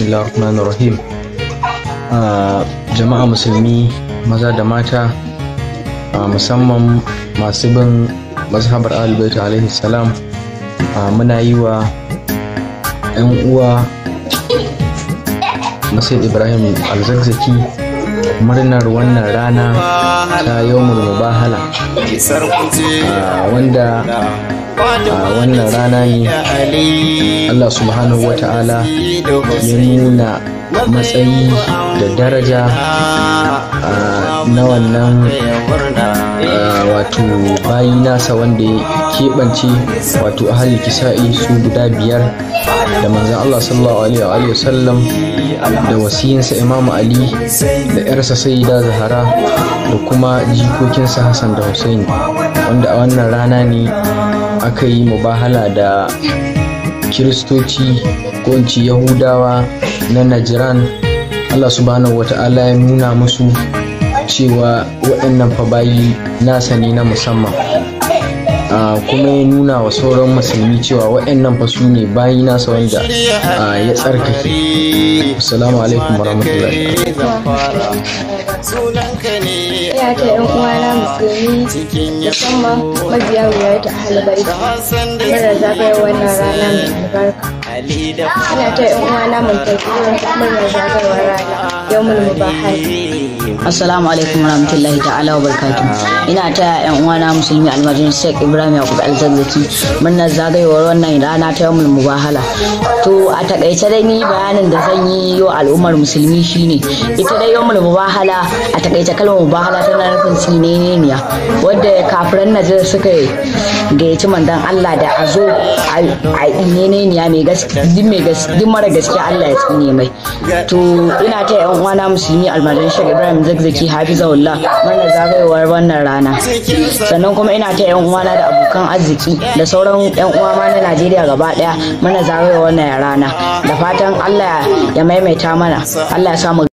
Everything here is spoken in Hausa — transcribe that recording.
bismillahirrahmanirrahim uh, jama'a musulmi maza da mata uh, musamman masu bin mazhabar alibaita alaihi salam uh, muna yi wa 'yan uwa masjid ibrahim alzakzaki murnar wannan rana ta mu mubahala wanda a wannan rana ne Allah subhanahu wa ta'ala ya nuna matsayi da daraja na wannan wato bayi nasa wanda ya keɓance wato ahali kisa'i su guda biyar da manzan Allah sallallahu alaihi wa sallam da wasiyinsa imam Ali da yarsa sayyida Zahara da kuma jikokinsa Hassan da Hussein wanda a wannan rana ne aka yi mubahala da kiristoci ko yahudawa na najiran allah subhanahu wata'ala ya nuna musu cewa waɗannan fabayi nasa ne na musamman ah, kuma ya nuna wa sauran musulmi cewa waɗannan fa su ne bayi nasa wanda ah, ya tsarkake assalamu alaikum warahmatullahi Ina ta ‘yan uwana musulmi musamman mabiya wuyar ta halibarki. Mara zagayowar wannan rana mai albarka. Ana ta yan uwana mai rana yau mun Assalamu alaikum warahmatullahi ta'ala wa barakatuh. Ina ta yan uwana musulmi almajin Sheikh Ibrahim Yakub Alzazzaki murnar zagayowar wannan rana ta yau mun mubahala. To a takaice dai ni bayanin da zan yi wa al'ummar musulmi shine ita dai yau mun mubahala a takaice kalmar mubahala tana nufin sineniya wadda kafiran Najeriya suka gayyaci mandan Allah da a zo a ne ne mai gaskiya duk mara gaskiya Allah ya tsine mai to ina ta yan uwana musulmi almajirin shek Ibrahim Zakzaki Hafizahullah murna zagayowar wannan rana sannan kuma ina ta yan uwana da abokan arziki da sauran yan uwa ma na Najeriya gaba daya murna zagayowar wannan rana da fatan Allah ya maimaita mana Allah ya samu